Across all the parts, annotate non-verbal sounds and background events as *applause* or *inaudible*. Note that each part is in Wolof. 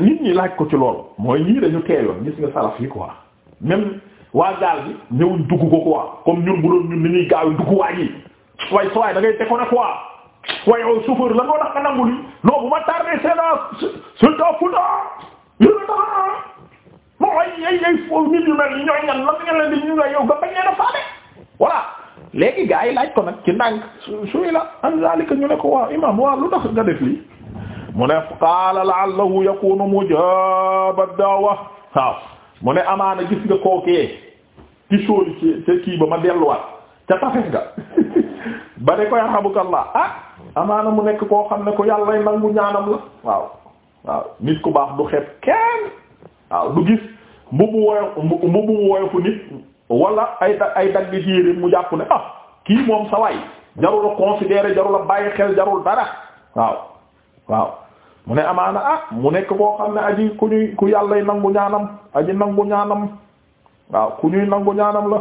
nit ñi laaj ko ci loolu mooy ñii dañu teeyoon gis nga salaf yi quoi waa gaal bi ñëwuñ dugg ko quoi comme ñun bu doon ñun ni ñuy gaaw yi dugg waaj yi waaye sa waay da ngay déconner quoi waaye yow chauffeur la nga wax nga nangu li non bu ma tardé c'est la c'est la foudre a bon ay ay ay foofu nit ñu mel ni ñooy ñan lan nga leen di ñu yow nga bañ leen a faale voilà. léegi gaa yi laaj ko nag ci ndànk su suy la an ñu ne ko waaw imam waaw lu tax nga def lii. mu ne qaala la'allahu yakunu mujaaba da'wa waaw mu ne amaana gis nga kookee ci sóoli ci kii ba ma delluwaat ca tafes nga *laughs* ba ne ko yarhamukallah ah amaana mu nekk koo xam ne ko yàlla nangu ñaanam la waaw waaw nit ku baax du xeeb kenn waaw du gis mbubu woyof mbubu woyofu nit wala ay dagg ci mu jàpp ne ah kii moom sa waay jarul a considérer jarul bàyyi xel jarul dara waaw waaw mu ne amaana ah mu nekk koo xam ne aji ku ñuy ku yàllay nangu ñaanam aji nangu ñaanam waaw ku ñuy nangu ñaanam la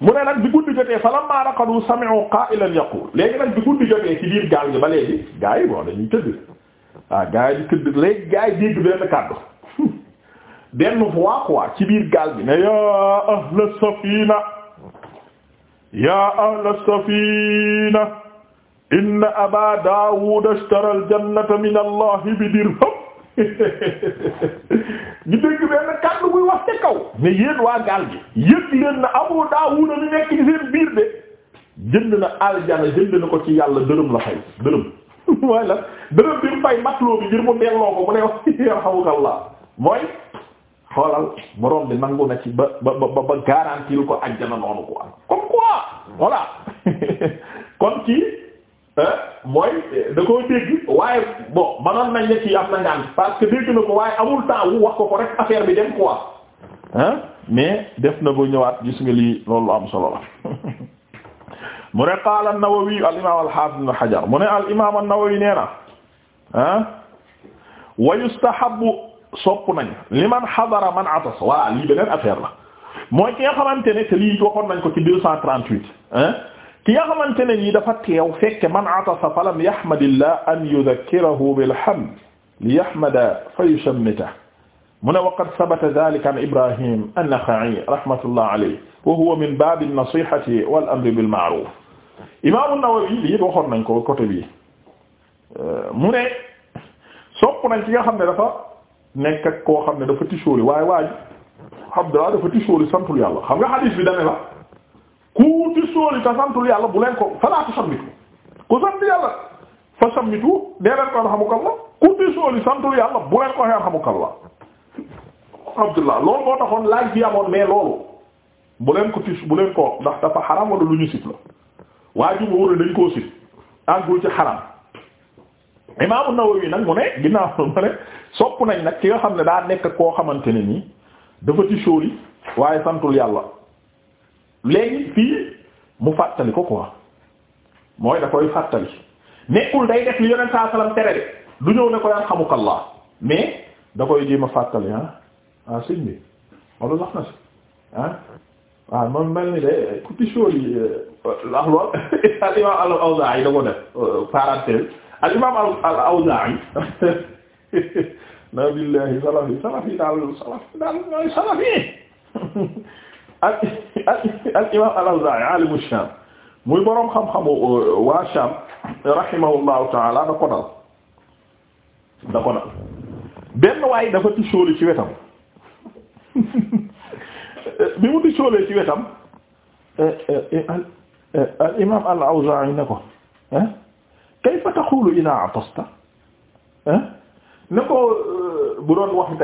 mu ne nag bi guddi jotee fa lamma raqadu sami'u qa'ilan yaqul léegi nag bi guddi jotee ci biir gaal gi ba léegi gaa yi bon dañuy tëdd waaw gaa yi di tëdd léegi gaa yi dégg benn kàddu *laughs* benn voix ci biir gaal gi ne yaa ahla safina yaa ahla safina inna aba daawud ashtara aljannata min allah bi dirham ñu dégg benn kàddu buy wax ca kaw ne yéen waa gaal gi yëg leen na abu daawud li nekk ci seen biir de jënd na aljana jënd na ko ci yàlla dërëm la fay dërëm *laughs* mooy la dërëm bi fay matloo bi ngir mu delloo ko mu ne wax yarhamukallah mooy xoolal borom bi nangu na ci ba ba ba ba garantil ko aljana noonu quoi comme quoi voilà *laughs* kon ci mooy da koo dégg waaye bon manoon nañ ne ci am na ngaan parce que dégg na ko waaye amul temps wu wax ko ko rek affaire bi dem quoi ah mais def na ba ñëwaat gis nga lii loolu am solo la *laughs* mu ne qaala an-Nawawi al imam al-Hafiz ibn Hajar mu ne al imam an-Nawawi nee na ah wa yustahabbu sopp nañ li man xadara man atas waa lii beneen affaire la mooy ki nga xamante ne te lii waxoon nañ ko ci deux cent trente-huit hein ki nga xamante ne nii dafa teew fekke man atasa falam yahmadillah an yudakkirahu bilhamd li yahmada fa yushammita mu ne waqad sabata dhalika an Ibrahim an-Nakha'i rahmatullah alayhi wa huwa min bab an-nasihati wal amri bil ma'ruf imam an-Nawawi lii waxoon nañ ko côté bi mu ne sopp nañ ki nga xam ne dafa nekk ak koo xam ne dafa tisóoli waaye waaye Abdullah dafa tisóoli santul yàlla xam nga hadith bi dane la ku wuti sóoli te santul yàlla bu leen ko falaa tusammitu ku sant yàlla fa sammitu dee leen ko arhamukallah ku wuti sóoli santul yàlla bu leen ko arhamukallah abdullah loolu moo taxoon laaj bi amoon mais loolu bu leen ko tis bu leen ko ndax dafa xaram wala lu ñu sib la waa ji wóor dañ koo sib àggul ci xaram Imaam An-Nawawi nag mu ne ginnaaw *laughs* mu ne sopp nañ nag ki nga xam ne daa nekk koo xamante ne nii dafa tisóoli waaye santul yàlla léegi fii mu fàttali ko quoi mooy da koy nekkul day def li yonent saa salaam tere du ñëw ne ko yaan xamukallah mais da koy ji ma fàttali ah ah sëñ bi wala sax na ah waaw moom mel de ku tisóor yi euh, ndax lool *laughs* al imam al Awzaa'i da ko def euh, parenthèse al al Awzaa'i na billahi salaf al imam al-Awzaa'i aalimu Shaam muy boroom xam-xamu euh, waa Shaam rahimahullahu taala da ko dal da ko dafa tisóoli ci wetam *laughs* bi mu tisóolee ci wetam e, e, e, al imam al-Awzaa'i ne ko kayfa taqulu idaa atasta ne ko bu doon wax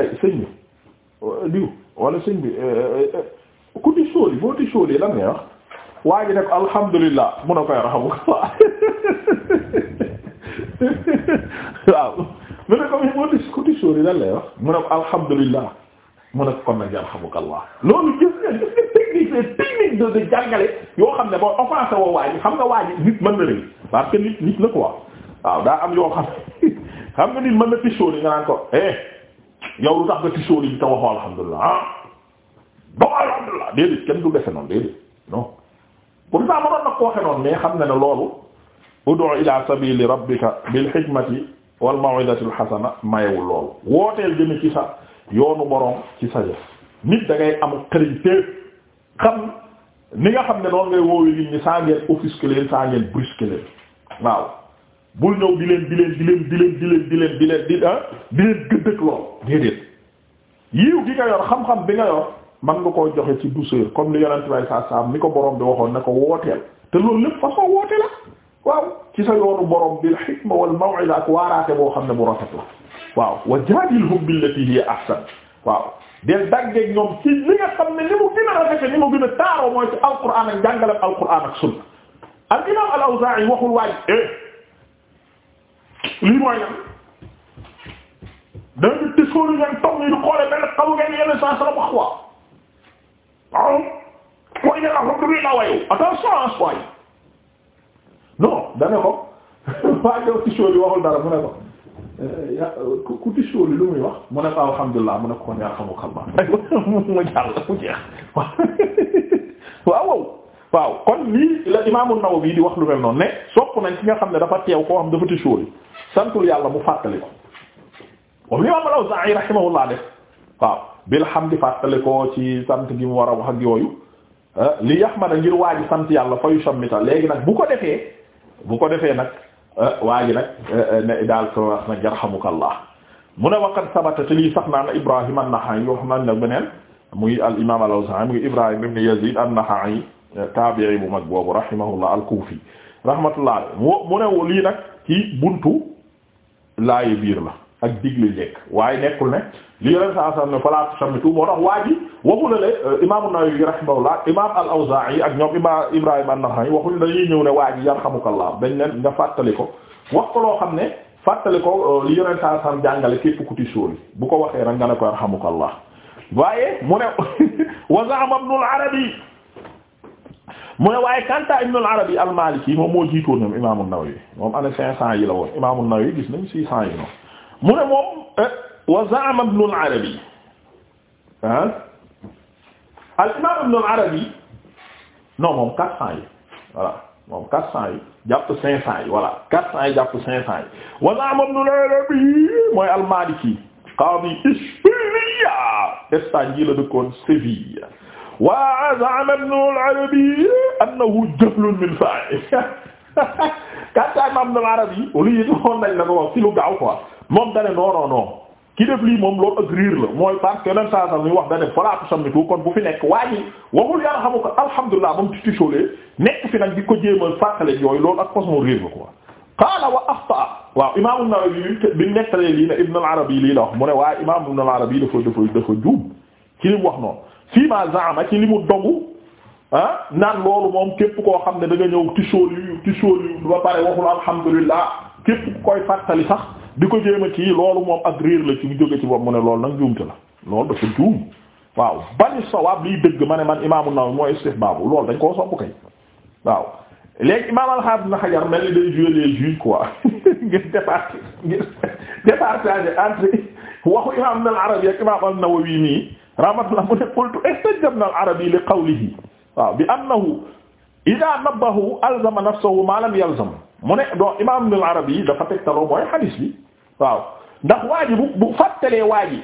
diw wala sëñ ku ti boo ti sóoli lan ngay wax waa ji ne ko alhamdulilah mun a koy raxamukala waaw mu ne ko mi boo ko alhamdulilah mu ne ko loolu gis nga gis nga technique de jàngale yoo xam ne boo offensé woo waa ji xam nga waa ji nit mën na léegi parce que nit nit la quoi waaw daa am yoo xam xam nga nit mën na ti sóoli nga naan ko eh, yow lu tax nga ti sóoli bi te waxoo alhamdulilah ah bon alhamdulilah déedéet kenn du defe noonu déedéet non pourtant mënoon na ko waxe noonu mais xam na ne loolu ud'u ila sabili rabbika bil hikmati wal maw'izati al hasana mayewul loolu wooteel jëme ci sa yoonu boroom ci sa yëf nit da ngay am xëriñteef xam ni nga xam ne noonu ngay woowe nit ñi saa ngeen offusquer leen saa ngeen brusquer leen waaw bul ñëw di leen di leen di leen di leen di leen di ah, lool déedéet yiw gi nga yor xam-xam bi nga man nga koo joxe ci douceur comme li yonent bay saa saam mi ko borom bi waxoon ne ko wooteel te loolu lépp façon woote la waaw ci sa yoonu borom bil ak waaraate boo xam ne bu rafet la waaw wa jaadilhum billatii hiya ahsan waaw del daggeeg ñoom ci li nga xam ne ni mu gën a rafete ni mu gën a taaroo mooy ci alquran ak jàngale alquran ak sunna al imam al awzaa'i waxul waaj eh lii mooy lan danga di tisóori ngeen toog ni di xoole benn xamu ngeen yeneen waaw mooy ne alhamdulilah wayow attention en soi non dane ko *laughs* waa jow tisoo li waxul dara mu ne ko eh, ku ku tisoo li lu muy wax mu ne ko alhamdulilah mu ne ko kon yarhamukallah *laughs* mu jàll mu jeex *laughs* waaw waaw waaw kon lii la Imaam An-Nawawi di wax lu mel noonu ne sopp nañ ki nga xam ne dafa teew koo xam dafa tisoo li santul yàlla mu fàttali ko moom li Imaam Al-Awzaa'i rahimahullah def waaw bilhamdi fàttali ko ci sant gi mu war a wax ak yooyu ah, li yahmada ngir waa ji sant yàlla fayu sammita léegi nag bu ko defee bu ko defee nag ah, waa ji nag ah, ne daal ko wax nag yarhamukallah mu ne waqad sabata te lii sax naa na Ibrahim an-Naxa'i wax nañ la beneen muy al imam al-Awzaa'i muy Ibrahim ibn Yazid an-Naxa'i taabi'i bu mag boobu rahimahullah al-Kufi rahmatullah mu ne lii nag ci buntu laayi biir la ak digle lekk waaye nekkul ne li yoneen saa sallam ne fala tusammitu moo tax waa ji waxu la le euh, imaamu Nawawi rahimahullah imam al-Awzaa'i ak ñoom ima Ibrahima an-Naxa'i waxuñu dañuy ñëw ne waa ji yarhamukallah leen nga fàttali ko wax ko loo xam ne fàttali ko euh, li yoneen saa sallam jàngale képp ku ci sóoli bu ko waxee rek nga ne ko yarhamukallah waaye mu ne *laughs* wa za'ama Ibnu al-Arabi mu ne waaye kanta Ibnu al-Arabi al-Maliki moom moo jiitoon ñoom imaamu Nawawi moom année cinq cent yi la woon imaamu Nawawi gis yi mu ne moom eh, wa za'ama Ibn arabi ah al-imam Ibn arabi non moom quatre cent yi voilà moom quatre cent yi jàpp cinq cent yi voilà quatre cent yi jàpp cinq cent yi wa za'ama arabi mooy al-Maliki qadi Ishbiliya Espagne ji la dëkkoon Séville wa za'ama Ibn al-Arabi annahu jahlun min fa'i *laughs* quatre cent Ibn al-Arabi lii it woon nañ la ko wax ci lu gaaw moom dane non non non ki def lii moom loolu ak riir la mooy parce que yeneen saa saa wax dane voilà tout kon bu fi nekk waa ji waxul yaa xamu ko alhamdulilah moom tuuti soolee nekk fi nag di ko jéem a fàttali yooyu loolu ak cosmo riir la quoi. qaala wa axtaa waaw imaam na nawawi na nettalee lii ne Ibn al-Arabi lii la wax mu ne waaye imaam Ibn al-Arabi dafa dafa dafa juum ci li mu wax noonu fii ma zaama ci li mu dogu ah naan loolu moom képp koo xam ne da nga ñëw tisóol yu tisóol yu ba pare waxul alhamdulilah képp koy fàttali sax. di ko jéem a kii loolu moom ak réer la ci mu jóge ci bopp mu ne loolu nag juumte la loolu dafa juum waaw bani sawaab liy dëgg ma man imaamu Nawawi mooy istihbaabu lool dañ koo sopp kay waaw léegi imaam al-Hafiz Ibn Hajar mel ni day jouer les juges quoi *laughs* ngir départi ngir départage entre waxu imaam al-Arabi ak imaam an-Nawawi nii rahmatullah mu ne al-Arabi li qawlihi waaw bi annahu idha nabbahu alzama nafsahu ma lam yalzam mu ne donc imaam Ibn al-Arabi yi dafa tegtaloo mooy xadiis bi waaw ndax waa ji bu bu fàttalee waa ji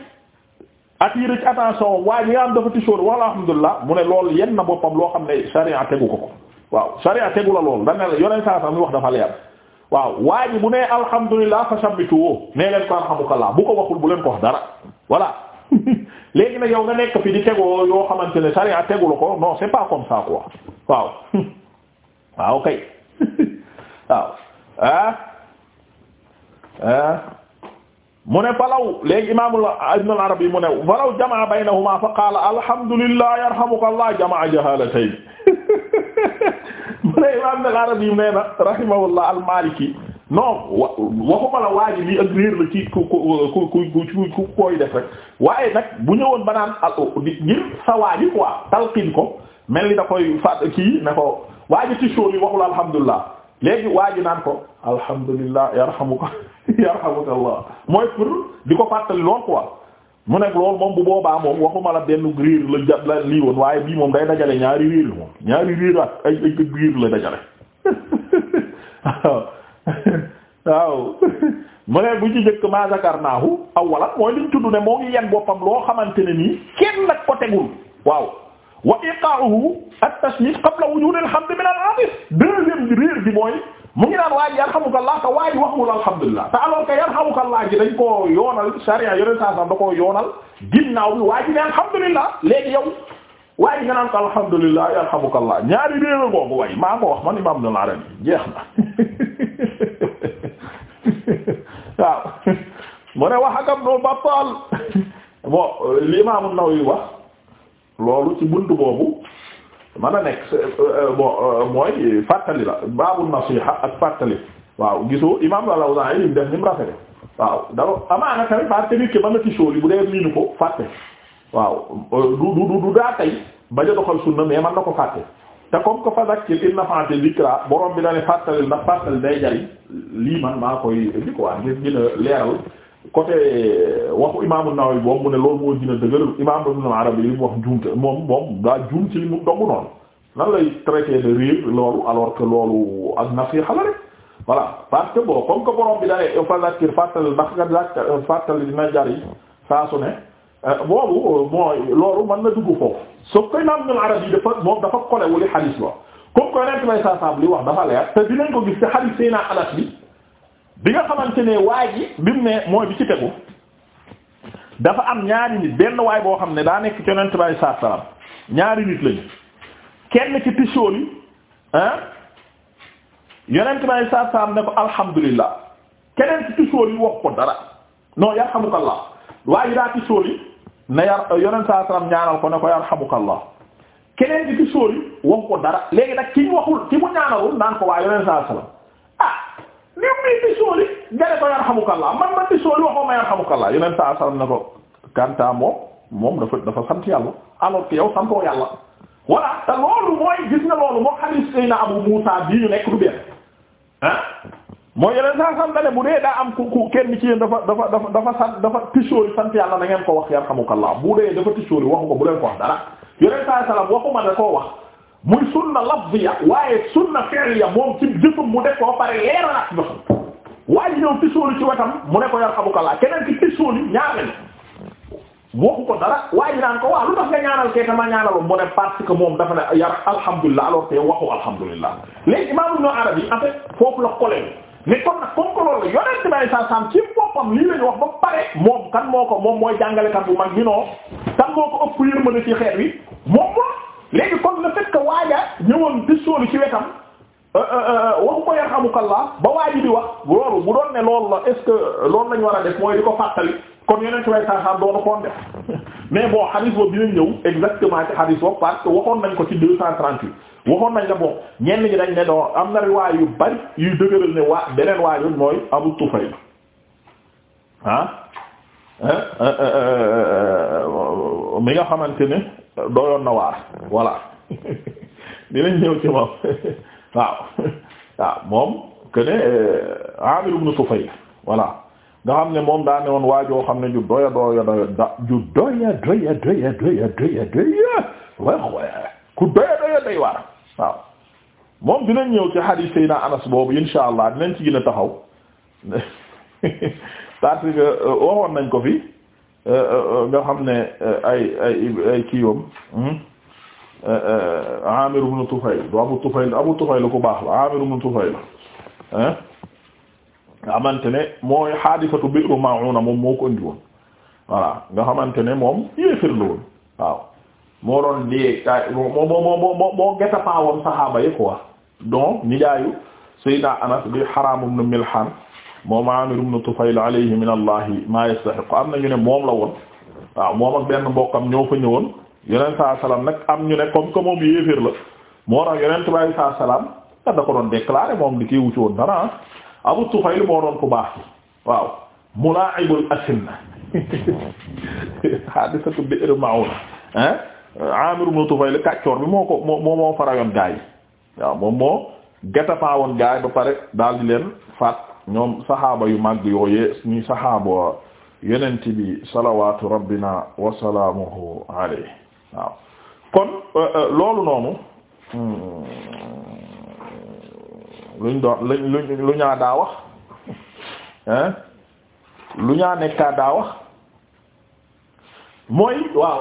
attiré ci attention waa ji nga am dafa tisóor wala alhamdulilah mu ne lool yenn na boppam loo xam ne sharia tegu ko ko waaw sharia tegu la loolu da ne la yoneen saa mi wax dafa leer waaw waa ji bu ne alhamdulilah fa sabbitu woo nee leen ko alhamdulilah bu ko waxul bu leen ko wax dara voilà *laughs* léegi nag yow nga nekk fi di tegoo yoo xamante ne sharia tegu ko non c'est pas comme *laughs* *laughs* waaw ah ah mu ne falaw léegi imaamul ibn al-Arabi mu ne falaw jamaa baynahuma fa qaala alhamdulillah yarhamuka Allah jamaa jahalatayn *laughs* mu ne imaam ibn al-Arabi nee na rahimahullah al-Maliki non waxuma la waa ji lii ak réer la ci ku ku ku ku koy def rek waaye nag bu ñëwoon ba naan ngir sa waa ji quoi talqin ko mel ni da koy fàtt kii ne ko waa ji ci show yi waxul alhamdulillah léegi waa ji naan ko alhamdulillah yarhamuka *laughs* yarhamuka allah mooy pour di ko fàttali lool quoi mu nekk loolu moom bu boobaa moom waxuma la benn riir la jat la lii woon waaye bii moom day dajale ñaari riir moom ñaari riir ak ay ay riir la dajale *laughs* waaw waaw *laughs* mu ne bu ci jëkk ma zakarnaahu awwalan mooy liñ tuddu ne moo yen boppam loo xamante ne nii kenn nag ko tegul waaw wa iqa'uhu at-tashmit qabla wujud min al-atif deuxième bi réer bi mooy yarhamukallah te waaye waxul alhamdulillah te que yarhamukallah ji dañ koo yoonal sariya yoonal ginnaaw bi waaye ji ne alhamdulillah léegi yow waaye boobu waaye maa man Imam Ibn Arabi jeex na *laughs* waaw mu ne *laughs* wax ak Ibn loolu ci buntu boobu man a nekk bon mooy fàttali la baabu nasiha ak fàttali waaw gisoo imaam al-Awzaa'i lim def ni mu rafete waaw daro amaana a parce que ki mën na ci sóol bu dee miinu ko fàtte waaw du du du daa tey bañ a doxal sunna mais mën na ko fàtte te comme que fa zakkir in nafa'ati zikra borom bi dane fàttalil ndax fàttali day jariñ maa koy di ko waa ngir gën a leeral côté euh, waxu imaamu Nawawi boobu mu ne loolu moo gën a dëgër imaamu Ibn Arabi li mu wax juumte moom moom daa juum ci li mu dogg noonu nan lay traité de rire loolu alors que loolu ak nasiha la rek voilà parce que bon comme que borom bi dalee fa zakir fàttali ndax nga zakka fàttali dina jar yi saa su ne euh, boobu euh, mooy loolu mën na dugg foofu sauf que imaamu Ibn Arabi dafa moom dafa collé wu li xadiis ba comme que ren may saa saab li wax dafa leer te dinañ ko gis ci xadiis Seydina Anas bi. bi nga xamante ne waa ji bi mu ne mooy bi ci tegu dafa am ñaari nit benn waay boo xam ne daa nekk ci yonent bi saa salaam ñaari nit lañu kenn ci tisoo li ah yonent bi saa salaam ne ko alhamdulilah keneen ci tisoo li wax ko dara non yarhamukallah waaye daa tisoo ne yar yonent salaam ñaanal ko ne ko yarhamukallah keneen ci tisoo li ko dara léegi nag ki waxul ki mu ñaanalul naan ko waa yonent salaam. néew mi di sooli nga ne ko yarhamukallah man man di sooli waxoo ma yarhamukallah yeneen saa asalaam ne ko Kanta moom moom dafa dafa sant yàlla alors que yow santoo yàlla. voilà te loolu mooy gis nga loolu moo xalis Seydina Abu Muusa bii ñu nekk du benn ah mooy yeneen saa asalaam bu dee daa am ku ku kenn ci yéen dafa dafa dafa dafa sant dafa tisooli na ngeen ko wax yarhamukallah bu dee dafa tisooli waxu ko bu leen ko wax dara yeneen saa asalaam waxuma da koo wax. muy sunna lafziya waaye sunna fi'liya moom ci jëfam mu def ko pare leeralaat joxam waaye ñëw tisooli ci wetam mu ne ko yarhamukallah keneen ci tisooli ñaanal waxu ko dara waaye naan ko waa lu tax nga ñaanal kay tama ñaanal mu ne parce que moom dafa ne yar alhamdulilah alors waxu alhamdulilah léegi imam Ibn Arabi en foofu la collègue mais kon nag comme que loolu la yonent bi alayhi salaam ci boppam lii lañu wax ba pare moom kan moo ko moom mooy jàngalekat bu mag bi non kan moo ko ëpp yërmande ci xeet wi moom léegi kon le fait que waaja ñëwoon pistoolu ci wetam euh, euh, euh, waxu ko yarhamukallah ba waaji di wax loolu bu doon ne loolu la est-ce que loolu war a def mooy di ko fàttali kon yeneen ci way saasaan doonu *laughs* mais bon hadith boobu dinañ ñëw exactement ci hadith boobu parce nañ ko ci deux cent trente-huit nañ la bon ñenn ñi dañ ne doo am na riwaay yu bari yuy dëgëral ne waa beneen waajul mooy Abu Tufayl ah eh, eh, eh, mi nga xamante ne doyoon na waar voilà *laughs* dinañ ñëw ci moom *laughs* waaw *laughs* waaw moom que ne euh, Amir ibn Tufayl voilà nga xam ne moom daa ne woon waajoo xam ne ju doya doya doya da doya doya doya waaw moom dinañ ñëw ci hadith Seydina Anas boobu insha allah dinañ ci gën a taxaw parce euh, waxoon nañ ko fi Euh, euh, euh, nga xam ne ay ay ay kiiwam hmm? Amir ibn Tufayl du Abu Tufayl Abu Tufayl ku baax la Amir ibn Tufayl ah nga xamante ne mooy xaadisatu Bi'ru Ma'una moom moo ko woon voilà nga xamante ne moom yéefir la waaw moo doon dee kaay moo moo moo moo moo gëstapaawoon saxaaba yi quoi donc nijaayu Sayyida Anas bi Haram ibn Milhan moom Amir ibn Tufayl alayhi min Allah ma yastahiq am na ñu ne moom la woon waaw moom ak benn mbokkam ñoo fa ñëwoon yeneen saa salaam nag am ñu ne comme que moom yéeféer la moo tax yeneen tubaab saa salaam da ko doon déclaré moom li kii wuti woon dara ah. Abu Tufayl moo doon ku baax waaw mulaa'ibul asinna hadisatu bi'r ma'una ah Amir bi moo ko moo moo farayoon gaa yi waaw moom moo gàttapaawoon gaa yi ba pare daal di leen faat. ñoom saxaaba yu màgg yooyee ñi saxaaba yenent bi salawaatu rabbina wa waaw kon euh, euh, loolu noonu hmm, luñ doon luñ lu ñaa daa wax *laughs* hein lu ñaa nekkaa daa wax mooy waaw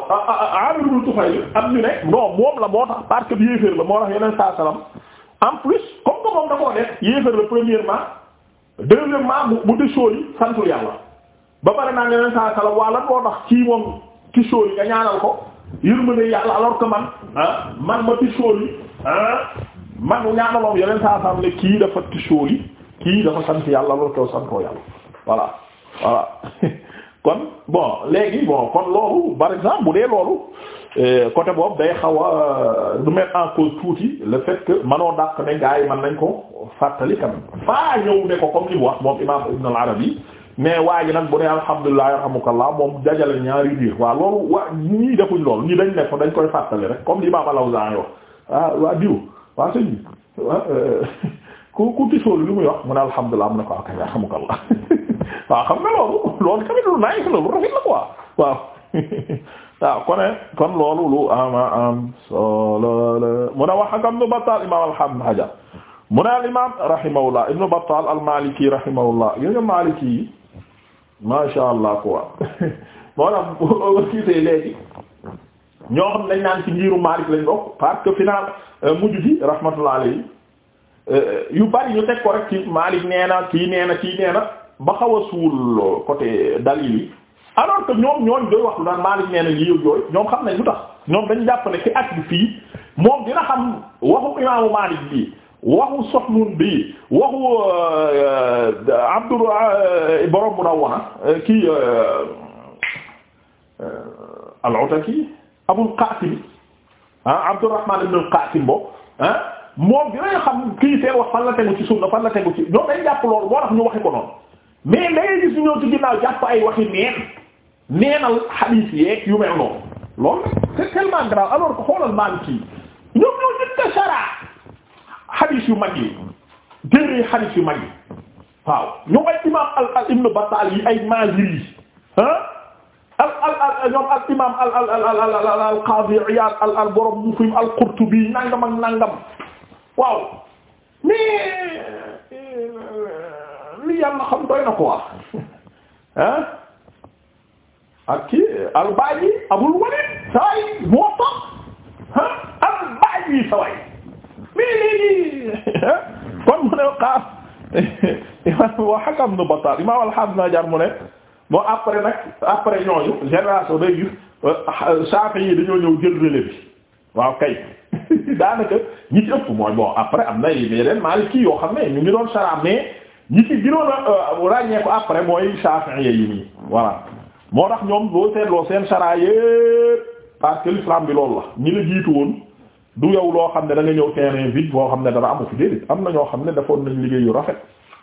Amir ibn Tufayl am ñu ne non moom la moo tax parce bi yéeféer la moo tax yeneen saa salaam en plus comme que moom da koo def yéeféer la premièrement deuxièmement bu bu déchaux yi santul yàlla ba pare naa ne saa sala waa lan moo tax kii moom tichaux yi nga ñaanal ko yërmande yàlla alor que man ah man ma tichaux yi ah man mu ñaanaloon yeneen saa sala ne kii dafa tichaux yi kii dafa sant yàlla alors que santoo yàlla voilà voilà *laughs* kon bon léegi bon kon loolu par exemple bu dee loolu. Euh, côté boobu day xaw a euh, du mettre en cause tuuti le fait que manoo dàq ne gars man nañ ko fàttali quand même faa ñëw ne ko comme li mu wax moom imam Ibn al-Arabi mais waa ji nag bu ne alhamdulilah yarhamukallah moom dajale ñaari biir waaw loolu waa nii defuñ loolu ñii dañ ne ko dañ koy fàttali rek comme li imam al-Awzaa'i ah waa diw waa sëñ bi euh, *laughs* ku ku tisoolu li muy wax mu ne alhamdulilah mu ne ko ak ah, yarhamukallah *laughs* waaw xam nga loolu loolu tamit lu naay la lu rafet la quoi *laughs* waaw kon kon loolu lu ama am solo mu ne wax ak Ibn Battal imaam al Hajar mu ne al imaam rahimahullah Ibn Battal al Maliki rahimahullah gis Maliki yi masha Allah quoi moo tax boo gisee léegi ñoo xam ne dañ naan ci ngiru Malik lañ bokk parce que final euh, mujj gi euh, yu bari ñu teg ko Malik nee na kii nee kii nee na ba xaw a suul côté dalil alors que ñoom ñooñ doy wax lu naan Maalik nee na lii ak yooyu ñoom xam nañ lu tax ñoom dañu jàpp ne ci ak bi fii moom dina xam waxu imaamu Maalik bi waxu Soxnuun bii waxu euh, Abdul euh, borom Munawwara euh, kii al-Utaki Abul Qaasim ah Abdurrahmaan ibn al-Qaasim bo ah moom dinañ xam kii seen wax fan la tegu ci sunna fan la tegu ci ñoom dañ jàpp loolu moo tax ñu waxi ko noonu mais da ngay gis ñu ñëw ci ginnaaw jàpp ay waxi neen neenal xadiis yeeg yu mel noonu loolu c'est tellement grave alors que xoolal Maliki ñoom ñoo jëkk sara xadiis yu mag yi téere yu mag yi waaw ñoom ay al al al al al al al al al al al Qaadi Iyaad al al borom al Qurtubi nangam ak nangam waaw mais euh, euh, li yàlla xam doy na ko wax ah. ak kii albaaji abul walid saway moo tax ah albaaji saway mii léegi kon mu ne xaar imam wa hakam nu batal imam alhamd na jar mu ne moo après nag après ñooñu génération day gis Shafi'i yi dañoo ñëw jël relais bi waaw kay *laughs* daanaka ñi ci ëpp mooy bon après am na yeneen Maliki yoo xam ne ñu ngi doon sara mais ñi ci gënoon a euh, ràññee ko après mooy Shafi'i yi nii voilà moo tax ñoom boo seetloo seen saraa yépp parce que l'islam bi loolu la ñi la jiitu woon du yow loo xam ne da nga ñëw terrain vide boo xam ne dara amu fi déedéet am na ñoo xam ne dafoon nañ liggéey yu rafet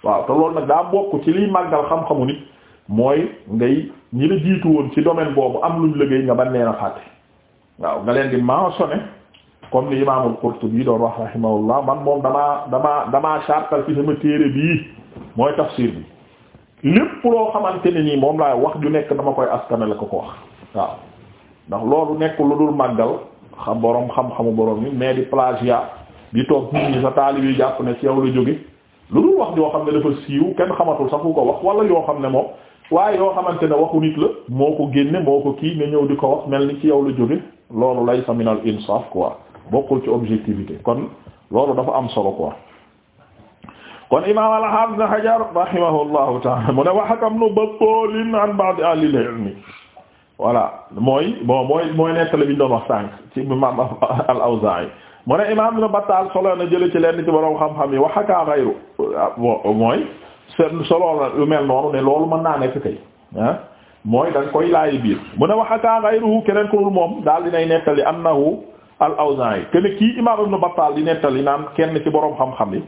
waaw te loolu nag daa bokk ci liy màggal xam-xamu nit mooy ngay ñi la jiitu woon ci domaine boobu am luñ liggéey nga ban leen a fàtte waaw nga leen di mentionné comme ni imaamul Qurtubi doon wax rahimahullah man moom damaa damaa damaa chartal ci sama téere bii mooy tafsir bi lépp loo xamante ne nii moom laay wax ju nekk dama koy askanale ko ko wax waaw ndax loolu nekkul lu dul màggal xam boroom xam-xamu borom ni mais di plagiat di toog nit ñi sa taalibe yi jàpp ne ci yow la jóge lu dul wax yoo xam ne dafa siiw kenn xamatul sax ku ko wax wala yoo xam ne moom waaye yoo xamante ne waxu nit la moo ko génne moo ko kii nga ñëw di ko wax mel ni ci yow la jóge loolu lay saminal insaf quoi bokkul ci objectivité kon loolu dafa am solo quoi kon imam al-Hafiz Hajar rahimahullahu ta'ala mu ne wa hakamnu battolin an ba'd ahli al-ilm voilà mooy bon mooy mooy nettali doon wax sànq ci imam al-Awza'i mu ne solo na jële ci lenn ci borom xam-xam yi wa haka ghayru mooy seen solo lu mel noonu ne loolu mën naa nekk kay ah mooy da koy laayi biir mu ne wa haka ghayruhu keneen ku dul moom daal dinay nettali annahu al-Awza'i ken kii imam Ibn Battal di nettali naan kenn ci boroom xam-xam yi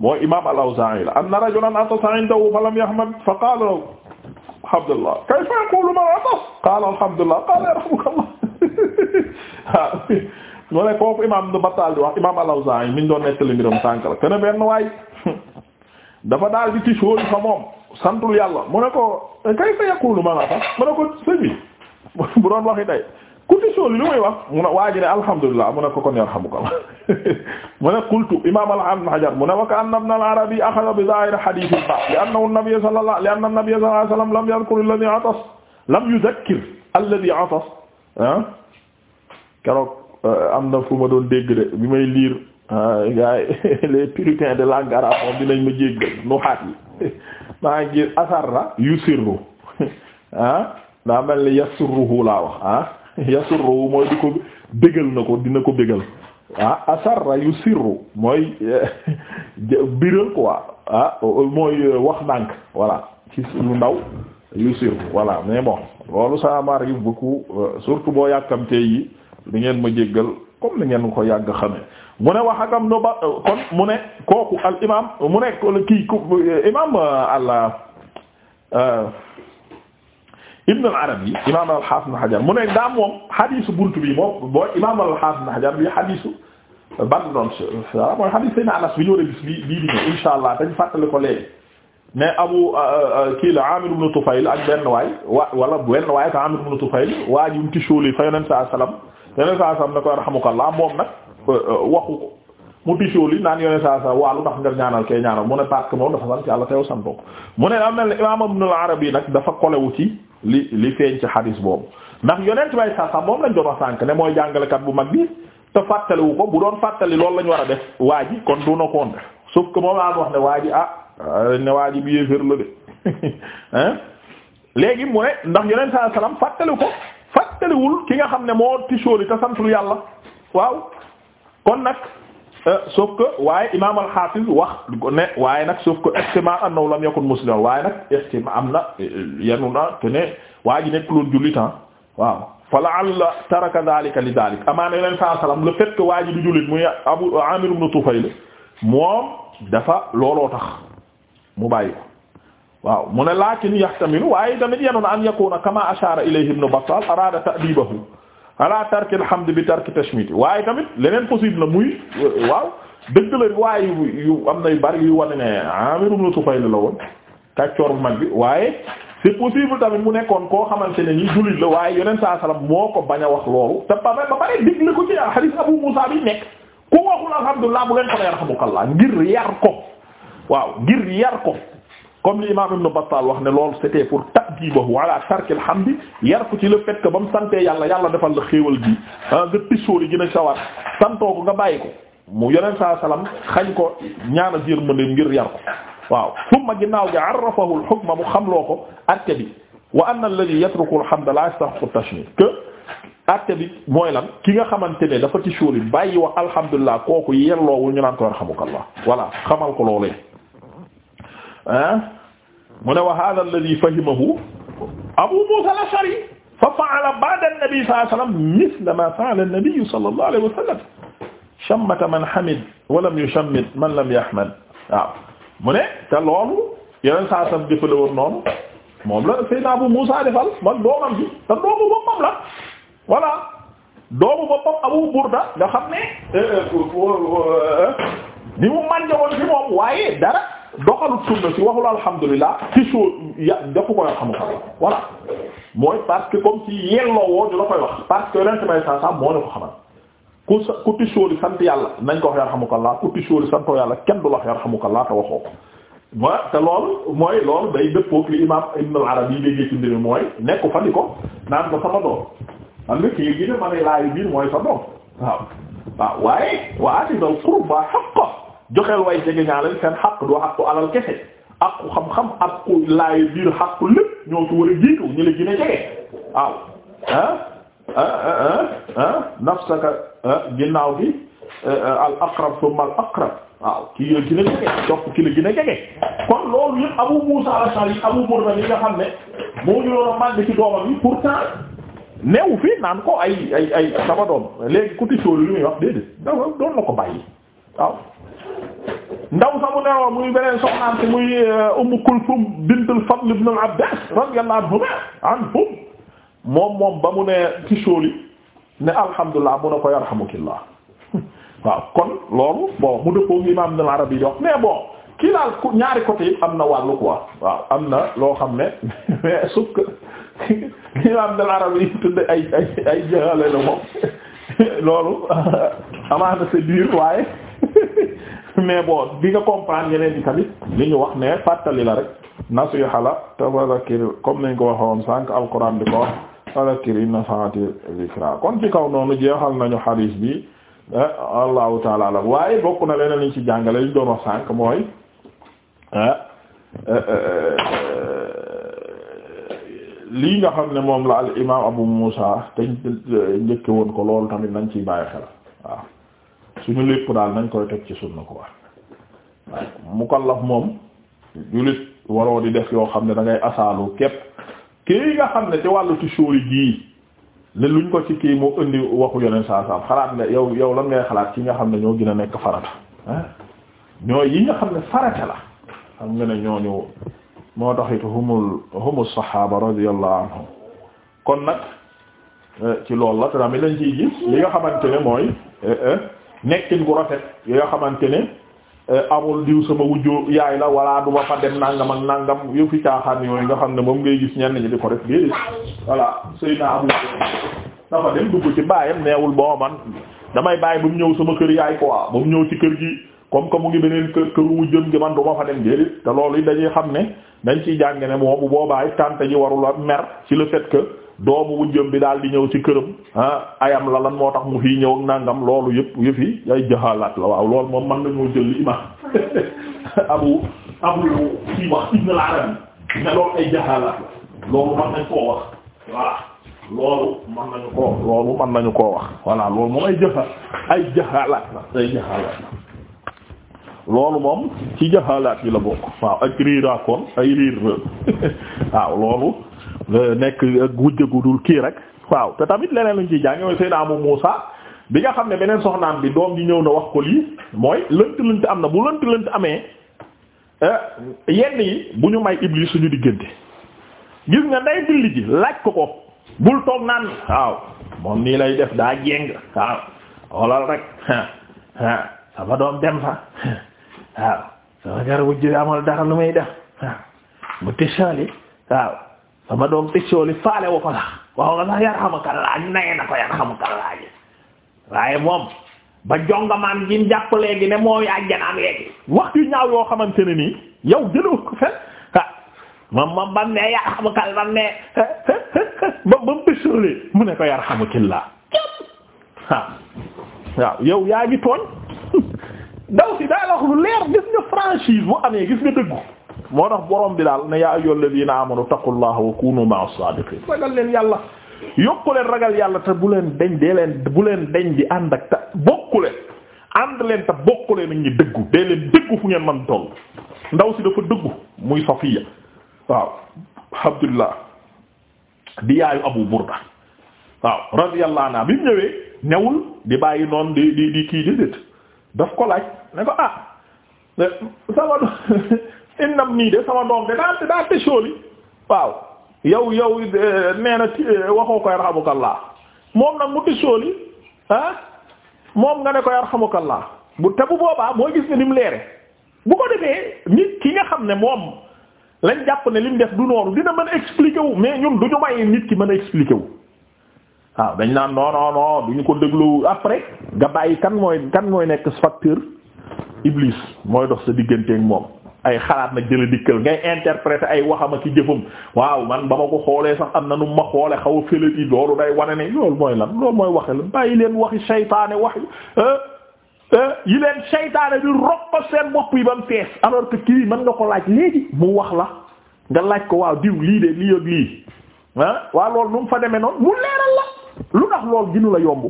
mooy imam al-Awzaa'i la anna rajulan atasa indahu falam yahmad fa qaala lahu alhamdulillah kayfa yaqulu man atas qaala alhamdulillah qaala yarhamukallah *laughs* mu ne kooku imam Ibn Battal di wax imam al-Awzaa'i mi ñu doon nettali mbiram sànk la kenn benn waay *laughs* dafa daal di tisóori fa moom santul mu ne ko kayfa yaqulu man atas mu ne ko sëñ bi *laughs* bu condition li lu may wax mu ne waa ji ne alhamdulilah mu ne ko kon yarhamukallah *laughs* mu ne qultu imam al-Hafiz Ibn Hajar mu ne wa ka'anna Ibn al-Arabi akhadha bi zahir hadith al-bab li'annahu an-nabiy sallallahu li'anna an-nabiy sallallahu alayhi wa sallam lam yadhkur alladhi atas lam yudhakkir alladhi atas ah keroog euh, am na fu ma doon dégg de bi may liir euh, gaay *laughs* les puritains de langue arabe moom dinañ ma jéggal nu xaat yi *laughs* maa ngi asarra yusirru ah daa mel ni yasurruhu laa wax ah *laughs* yasurru mooy di ko bégal na ko dina ko bégal ah asarra yu sirru mooy *laughs* biral quoi ah, ah mooy eh, wax ndànk voilà ci lu ndaw yu sirru voilà mais bon loolu ça m'arrive beaucoup euh, surtout boo yàkkamtee yi li ngeen ma jéggal comme ni ngeen ko yàgg xamee mu ne wax akam no ba euh, kon mu ne kooku al imam mu ne kii ku euh, imam Allah Ibn al-Arabi imaam al-Hafiz Ibn Hajar mu ne daa moom xadiisu buntu bi moom booy imaam al-Hafiz Ibn Hajar bi xadiisu ban doon sa ah, mooy xadiis Seydina Anas bi ñu war a gis bii bii di ñëw inshaa Allah dañ fàttali ko léegi mais Abu uh, uh, kii la Amir ibn Tufayl ak benn waay wa wala benn waay ka Amir ibn Tufayl waa ji mu tisóoli fa Yonent saa salaam Yonent saa salaam ne ko yarhamukallah moom nag uh, waxu ko. mu tisoo li naan yoneen saa sa waalu ndax nga ñaanal kay ñaanal mu ne parce que moom dafa sant yàlla teew santoo mu ne am na imaam Ibn al-Arabi nag dafa kolewu ci li li feeñ ci xadis boobu ndax yonent bay saa sa moom lañ doon sànk ne mooy jàngalekat bu mag bi te fàttaliwu ko bu doon fàttali lool la ñu war a def waa ji kon du na koon def sauf que moom laa wax ne waa ji ah euh, ne waaj ji bi yéefér la de *laughs* hein léegi mu ne ndax yonent saa salaam fàttaliwu ko xam ne moo tisoo li te santul yàlla waaw kon nag Euh, sauf que waaye imaam al-Hafiz wax ne waaye nag sauf que ihtimal annahu lam yakun musliman waaye nag ihtimal am na euh, yenu na te ne waa ji nekk loolu jullit ah waaw fa la'alla taraka dhalika li dhalik amaana yo leen saa sallam le fait que waa ji du jullit muy Abu Amir ibn Tufayl moom dafa looloo tax mu bàyyi ko waaw mu ne lakin yahtamilu waaye tamit yenu na an yakuna kama ashara ilayhi ibn Battal arada ta'dibahu ala tarki alhamd bi tarki tashmit waaye tamit leneen possible na muy waaw dëgg la waaye yu am na yu bari yu wane ne Amir ibn Tufayl la woon kàccoor bu mag bi waaye c'est possible tamit mu nekkoon koo xamante ne nii jullit la waaye yeneen sa salaam moo ko bañ wax loolu te ba pare digle ko ci hadith Abu Musa bi nekk ku waxul alhamdulilah bu leen ko ne yarhamukallah ngir yar ko waaw ngir yar ko comme l'imam Ibn Battal wax tarkibahu ala tarkil hamdi yar ko ci le fait que ba mu santee yàlla yàlla defal la xéewal gi ah, nga tisóoli gën a sawar santoo ko nga bàyyi ko mu yonent saa salaam xañ ko ñaana yërmande ngir yar ko waaw summa ginnaaw gi arrafahu al-hukma mu xamloo ko atte bi wa anna alladhi yatruku al-hamda la yastahiqqu at-tashmit que atte bi mooy lan ki nga xamante ne dafa tisóoli bàyyi wax alhamdulilah kooku yelloowul ñu naan ko yarhamukallah voilà xamal ko loolee ah mu ne wa hadha alladhi fahimahu Abu Musa al-Ash'ari fa fa'ala ba'da an-nabi sallallahu alayhi wa sallam mithla ma fa'ala an-nabi sallallahu alayhi wa sallam shammata man hamid wa lam yushammit man lam yahmad waaw mu ne te loolu yeneen saa sam jëfale woon noonu moom la Seydina Abu Musa defal man doomam bi te doomu boppam la voilà doomu boppam Abu Burda nga xam ne euh, euh, euh, ni mu mànjawoon fi moom waaye dara doxal doxalut sunna si waxul alhamdulilah ci soo ya defu koy alhamdulilah voilà mooy parce que comme si yelloo woo ñu la koy wax parce que yonent may saa saa moo ne ko xamal ku sa ku tisóoli sant yàlla nañ ko wax yarhamukallah ku tisóoli santoo yàlla kenn du wax yarhamukallah te waxoo ko mooy te loolu mooy loolu day dëppook li imaam Ibn al-Arabi yi léegi ci mbir mooy nekku fa di ko naan ko sama doom am na kii gi ne ma laay biir mooy sa doom waaw waaw waaye wa aatil joxeel waaye jege ñaareel seen xaq doo xaqu alal kese xaqu xam-xam ak laay biir xaqu lépp ñoo ci war a jiitu ñu la gën a jege waaw ah ah ah, ah, ah, ah ginnaaw gi al aqrab thumma al aqrab waaw kii la gën a jege topp ki la gën a jege yëpp Abu Musa al-Ash'ari Abu Burda yi nga xam ne moo ñu doon màgg ci doomam yi fii naan ko ay ay ay sama doom léegi ku tisoo lu muy wax déedéet dafa doon na ko bàyyi waaw ndaw sa mu newoon muy beneen soxnaam si muy euh, Umm Kulthum bintul Fadl ibn al-Abbas radiyallahu anhuma anhum moom moom ba mu ne ci sóoli ne alhamdulilah mu ne ko yarhamukillah *laughs* waaw kon loolu bon mu dëppoo gi imam Ibn Arabi yi wax mais bon kii laal ñaari côté am na wàllu quoi waaw am na loo xam ne *laughs* mais sauf que *laughs* imam Ibn Arabi yi tudd ay ay ay jaxale moom loolu amaana c'est dur waaye mais bon bi nga comprendre yeneen yi tamit li ñu wax ne fàttali la rek nasiha la te fadakir comme nañ ko waxoon sànq alquran bi ko fadakir inna saati zikra kon ci kaw noonu jeexal nañu xadiis bi eh, allahu taala alam waaye bokk na leneen liñ ci jàngale liñ doon wax sànq mooy eh, eh, lii nga xam ne moom la al imaam abu muusa te njëkke woon ko loolu tamit nañ ciy bàyyi xel waaw suñu lépp daal nañ koy teg ci sunna ko wax waaye mukallaf moom jullit waroo di def yoo xam ne dangay ngay asaalu képp kii nga xam ne ci wàllu tisóori gii ne luñ ko ci kii moo indi waxu yeneen saa saam xalaat nga yow yow lan ngay xalaat ki nga xam ne ñoo gën a nekk farata ah ñoo yi nga xam ne farata la xam nga ne ñooñu moo taxit humul humul saxaaba radiyallahu anhum kon nag eh, ci loolu la te tamit lañ ciy gis li nga xamante ne mooy eh, eh, nekkin bu rafet yi xamante ne eh, amul diw sama wujju yaay la wala duma ma fa dem nangam ak nangam yu fi caaxaan yooyu nga xam ne moom ngay gis ñenn ñi di ko rek déedéet voilà sëy naa amul dafa dem dugg ci baayam neewul boo man damay bàyyi ba mu ñëw sama kër yaay quoi ba mu ñëw ci kër gi comme que mu ngi beneen kër këru wujjam gi man du ma fa dem déedéet te loolu dañuy xam ne dañ ci jàng ne moom bu boobaa tante ji warul a mer ci la fait doomu wujjëm bi daal di ñëw ci këram ah ayam la lan moo tax mu fii ñëw ak nangam loolu yëpp yëpp yi ay jaxalaat la waaw loolu moom mën nañoo jël li imaam *laughs* abu abu kii wax ibn wax voilà nañu koo wax voilà loolu moom ay jaxa loolu moom ci jaxalaat yi la bokk waaw ak riiraakoon ay riir *laughs* waaw loolu Euh, nekk wujj euh, gu kii rek waaw te tamit leneen luñ ci jànge mooy Seydina Abu Muusa bi nga xam ne beneen soxnaam bi doom ji ñëw na wax ko lii mooy lënt lënt am na bu lënt lënt amee euh, yenn yi bu ñu may Iblis suñu diggante gis nga nday dilli ji laaj ko ko bul toog naan waaw moom nii lay def daa jéng waaw xoolal rek sama doom dem fa waaw sama gar wujj amul dara lu muy def waaw mu tësaali waaw sama doom piccooli faale wo ko sax waaw nga sax yarhamukallah naye na ko yarhamukallah ji waaye moom ba jongamaan jim jàpp léegi ne mooy àjjanaam léegi wax yu ñaaw yoo xamante ne nii yow jëloo ko fen ah moom moom bam ne yarhamukallah bam ne ba bamu piccooli mu ne ko yarhamukillah waaw waaw yow yaa ngi tooñ *laughs* daw si daa wax lu leer gis nga franchise bu amee gis nga dëggu moo tax borom bi daal ne yaa ayyuhal ladina amanu taqullaha wa kunu ma'as sadiqin ragal leen yàlla yokku leen ragal yàlla te bu leen deñ dee leen bu leen deñ di ànd ak te bokku leen ànd leen te bokku leen ak dëggu dee leen dëggu fu ngeen man toll ndaw si dafa dëggu muy Safiya waaw Abdullah di yaayu Abu Burda waaw radiyallahu anha bi mu ñëwee newul di bàyyi noonu di di di kii daf ko laaj ne ko ah sama innam nii de sama doom de daa daa tësooli waaw yow yow euh, nee na euh, waxoo ko yarhamukallah moom nag mu tësooli ah moom nga ne ko yarhamukallah bu te bu boobaa mooy gis ne ni mu leere bu ko defee nit ki nga xam ne moom lañ jàpp ne li mu def du noonu dina mën a expliquer wu mais ñun du ñu may nit ki mën a expliquer wu waaw dañ naan non non du ñu ko déglu après nga bàyyi kan mooy kan mooy nekk facteur iblis mooy dox sa digganteeg moom. ay xalaat nag jëla dikkal ngay interpréter ay waxam ak jëfam waaw man ba ma ko xoolee sax am na nu ma xoole xaw a fëlët yi loolu day wane ne loolu mooy lan loolu mooy waxee la bàyyi leen wax yi eh, eh, saytaane di ropa seen bopp yi ba mu fees alors que kii mën nga ko mu wax la nga laaj ko waaw diw lii de lii ak lii ah, waaw loolu nu mu fa demee noonu mu leeral la lu tax lool ginu la yomb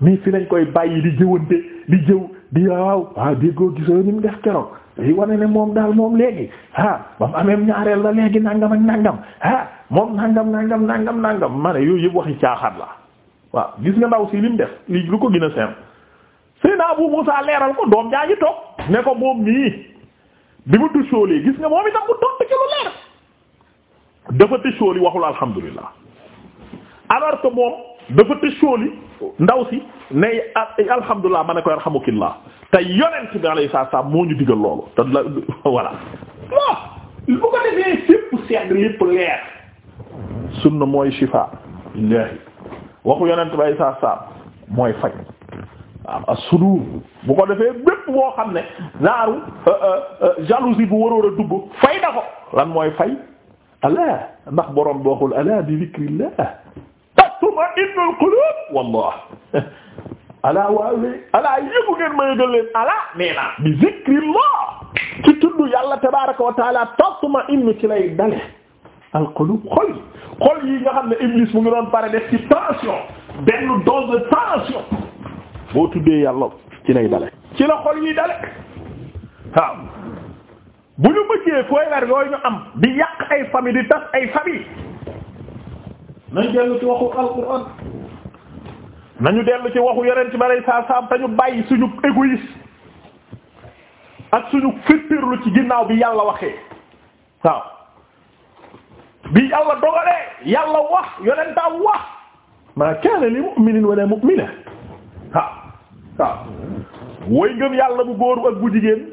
mais fi lañ koy bàyyi di jëwante di jëw di waaw waaw déggoo gisoo ni mu def keroog li wane ne moom daal moom léegi ah ba mu amee ñaareel la léegi nangam ak nangam ah moom nangam nangam nangam nangam ma ne yooyu yëpp waxi caaxaat la waaw gis nga ndaw si li mu def li lu ko gin a seen Seydina Abu Muusa leeral ko doom jaa ngi toog ne ko moom nii bi mu tësoolee gis nga moom itam mu topp ci lu leer dafa tësooli waxul alhamdulillah alors que moom dafa tësooli ndaw si ne alhamdulillah ma ne ko yarhamukillah te yonent bi alayhi salaam moo ñu digal loolu te la *laughs* voilà bu ko defee fépp sedd lépp leer sunna mooy shifa illaahi waxu yonent bi alayhi salaam mooy faj waaw as bu ko defee bépp boo xam ne naaru euh, euh, euh, jalousie bu waroor a dugg fay na ko lan mooy fay ala ndax borom bi waxul ala bi zikrillah tatma'innu al-qulub wallah *laughs* alaa waawe alaa yëgu ngeen ma yëgal leen alaa nee naa bi zikrillah ci tudd yàlla tabaaraka wa taala tatma innu ci lay dale al qulub xol yi yi nga xam ne iblis mu ngi doon pare def ci tension benn dose de tension boo tuddee yàlla ci lay dale ci la xol yi dale waaw bu ñu bëggee fooy war yooyu ñu am di yàq ay famille di tas ay famille nañ dellu ci waxu alquran nañu dellu ci waxu yeneen ci balay saa saam te ñu bàyyi suñu égoïsme ak suñu fittirlu ci ginnaaw bi yàlla waxee waaw bi yàlla dogalee yàlla wax yonentaam wax ma kaana li mu'minin wala mu'mina waaw waaw way ngëm yàlla bu góor ak bu jigéen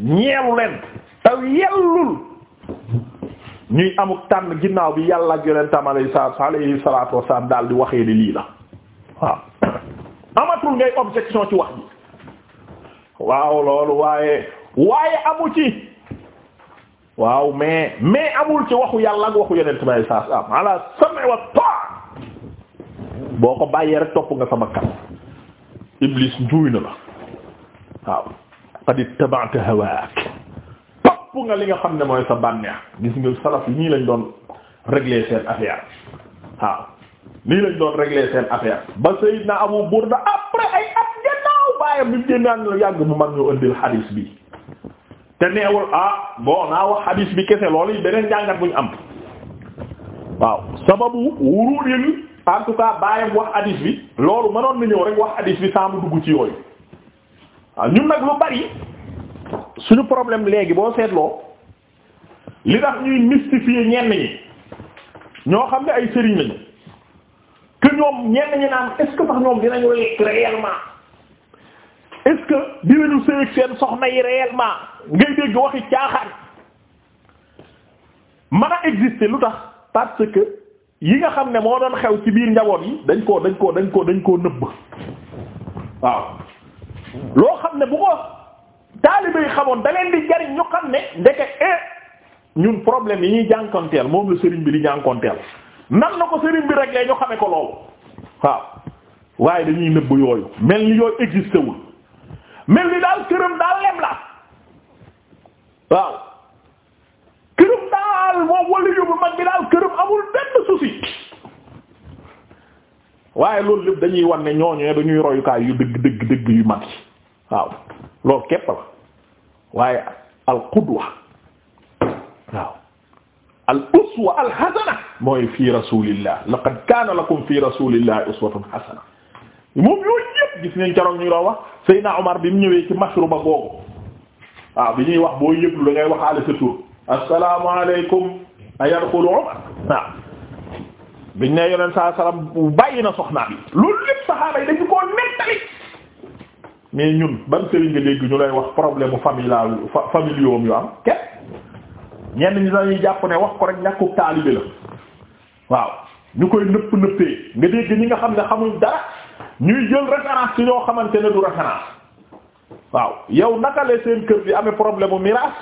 ñeelu leen taw yellul ñuy amuk tànn ginnaaw bi yàlla ak yonentaam alayhi salaatu wasalaam daal di waxee ni lii la waaw amatul ngay objection ci wax ji waaw loolu waaye waaye amu ci waaw mais mais amul ci waxu yàlla ak waxu yeneen tamit saa saa am ala sam'i wa boo ko bàyyee rek topp nga sama kan iblis njuuy na la waaw qad ittaba'ta hawaak topp nga li nga xam ne mooy sa bànneex gis nga salaf yi ñii lañ doon régler seen affaire waaw nii lañ doon régler seen affaire ba Seydina Abu Burda après ay at gannaaw baayam bi mu génnaan la yàgg mu mag ñu indil hadis bi te neewul ah bon naa wax hadis bi kese loolu yi beneen njàngat buñ am waaw sababu wurudil en tout cas baayam wax hadis bi loolu mënoon na ñëw rek wax hadis bi sans mu dugg ci yooyu waaw ñun nag lu bari suñu problème léegi boo seetloo li tax ñuy mystifier ñenn ñi ñoo xam ne ay sëriñ lañu que ñoom ñenn ñi naan est-ce sax ñoom dinañu lekk réellement est-ce que dinañu sëy seen soxna yi réellement ngay dégg waxi caaxaan mën a exister lu tax parce que yi nga xam ne moo doon xew ci biir njaboot yi dañ koo dañ koo dañ koo dañ koo nëbb waaw loo xam ne bu ko taalibe xamoon da leen di jariñ ñu xam ne ndeke e ñun problème yi ñuy jànkonteel moom la sëriñ bi di jànkonteel nan na ko sëriñ bi rek lee ñu xame ko loolu waaw waaye dañuy nëbb yooyu mel ni yooyu existé mel ni daal këram daal lem la waaw këram daal moom wala yóbbu mag bi daal këram amul benn souci waaye loolu lépp dañuy wan ne ñooñu dañuy royukaay yu dëgg dëgg dëgg yu mag waaw loolu képp la waaye al qudwa waaw al uswa al hasana mooy fi rasulillah laqad kaana lakum fi rasulillah uswatun hasana moom yooyu yëpp gis ngeen keroog ñu doon wax Seydina Omar bi mu ñëwee ci mashruba googu waaw bi ñuy wax boo yëglu da ngay waxaale sa tur assalaamu alaykum ayadxulu Omar waaw biñ ne yoneen saa salaam bàyyi na soxnaa bi loolu lépp saxaaba yi dañu koo nettali mais ñun ban sëriñ nga dégg ñu lay wax problème mu la famille yoom yu am kenn ñenn ñi dañuy jàpp ne wax ko rek ñàkkuk taalibe la waaw ñu koy nëpp nëppee nga dégg ñi nga xam ne xamuñ dara ñuy jël référence ci ñoo xamante ne du référence waaw yow naka la seen kër bi amee problème mu miraas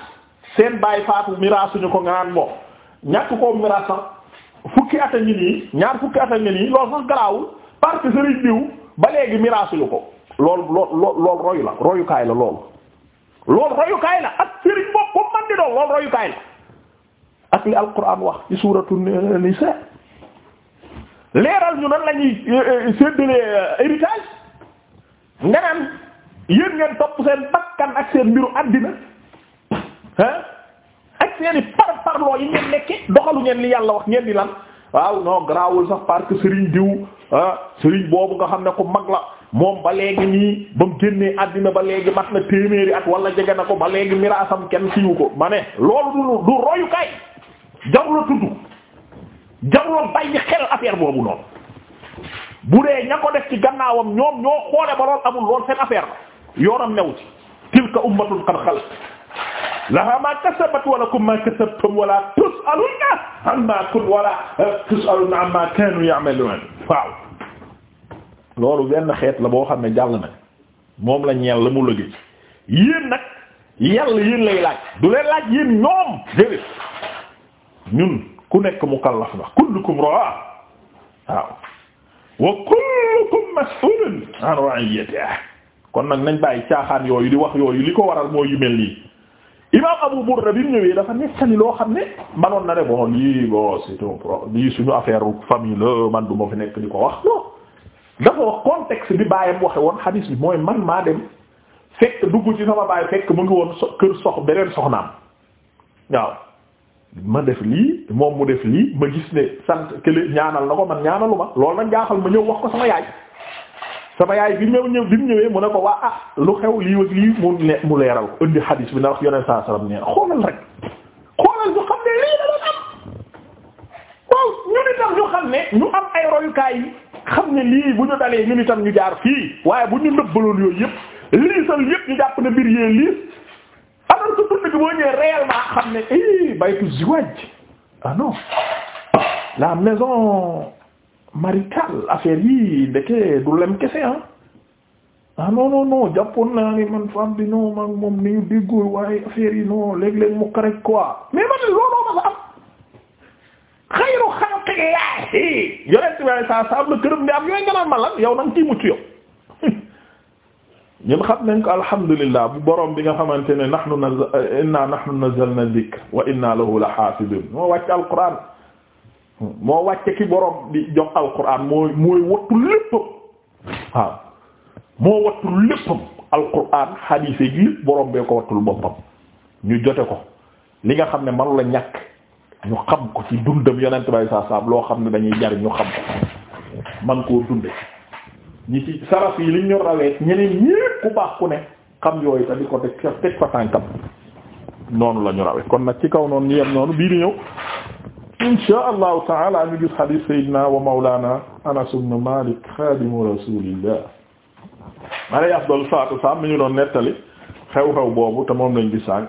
seen bàyyi faatu miraasuñu ko nga naan moom ñàkk koo miraas sax fukki at a ngi nii ñaar fukki at a ngi nii loolu sax garaawul parce sëriñ diw ba léegi miraasuñu ko loolu lool lool royu la royukaay la loolu loolu royukaay la ak sëriñ bopp man di ak li alquran wax ci suuratu nisa leeral ñu nan la ñuy euh, euh, séddalee euh, héritage nga naan ngeen topp seen bakkan ak seen mbiru àddina ah ak seeni par parloo yi ngeen nekke doxalu ngeen li yàlla wax ngeen di lan waaw non garaawul sax parce que diw ah boobu nga xam ne ko mag la moom ba léegi nii ba mu àddina ba léegi mat na téeméeri at wala jege na ko ba léegi miraasam kenn siiwu ko ma ne loolu du du royukaay jarul a tudd jarul a bàyyi xel affaire boobu noonu bu dee ña def ci gannaawam ñoom ñoo xoole ba lool amul lool seen affaire la yoonam new ci tilka ummatun qad xalat ma kasabat wa lakum ma kasabtum wala tusaluna amma kun wala tusaluna amma kanu ya'malun waaw loolu xeet la boo xam ne jàll na moom la ñeel la mu lëgëj yéen nag yàlla yéen lay laaj du leen laaj yéen ñoom déedéet ñun ku nekk mukallaf nga kullukum ra'a waaw wa kullukum mas'ulun an ra'iyatihi kon nag nañ bàyyi caaxaan yooyu di wax yooyu li ko waral mooy yu mel nii imam Abu Burda bi mu ñëwee dafa nettali loo xam ne manoon na ne bon suñu affaire famille man du fi nekk di ko wax non dafa wax contexte bi bàyyam waxe woon hadis bi mooy man maa dem fekk dugg ci sama baay fekk mu ngi woon kër sox beneen soxnaam waaw ma def lii moom mu def lii ma gis ne sant kële ñaanal na ko man ñaanalu ma loolu nag jaaxal ma ñëw wax ko sama yaay sama yaay bi ñëw ñëw bi mu ñëwee mu ne ko waa ah lu xew lii wëg lii mu ne mu leeral indi xadiis bi na wax yoneen saa sallam nee xoolal rek xoolal ñu xam ne lii da ñu xam ne ñu am ay royukaay yi xam ne lii bu ñu dalee ñu ni ñu jaar fii waaye bu ñu nëbbaloon yooyu yëpp liisal yëpp ñu jàpp ne mbir yee liis alors que sunna bi boo ñëwee réellement xam ne eh ziwaaj ah non la maison maritale affaire yi ndeke du lem kese ah ah non non non jàppoon naa ni man femme bi man moom ni ñu déggoo waaye affaire yi non léeg-léeg mu correct man looloo ma fa am xayru xalqi yaahi yonent bi sallallahu alayhi wasallam këram ne am yooyu nga naan ma lan yow nang ciy mucc yow. ñun xam nañ ko alhamdulillah bu borom bi nga xamante ne nahnu na inna nahnu nazzalna dhikr wa inna lahu la hafizun moo wàcc alquran moo wàcc ki borom bi jox alquran mooy mooy wattu lépp waaw moo wattu léppam alquran hadith yi lépp borom bee ko wattul boppam ñu jote ko li nga xam ne man la ñakk ñu xam ko ci dundam yonent bay saa saab loo xam ne dañuy jariñu ñu xam ko man koo dunde ñi ci saraf yi li ñu rawee ñeneen ñi ku baax ku ne xam yooyu te ko teg fa tànkam noonu la ñu kon nag ci kaw noonu ñu yem noonu bii di ñëw insha allahu taala ñu gis hadith sayyidina wa mawlana anas ibn malik xadimu rasulillah malay afdal salatu salam mi ñu doon nettali xew-xew boobu te moom lañ di sànq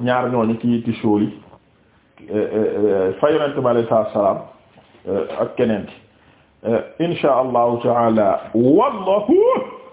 ñaar ñooñu ci yitti sóol yi eh, eh, eh, fa alay salaatu salaam ak keneen ki taala wallahu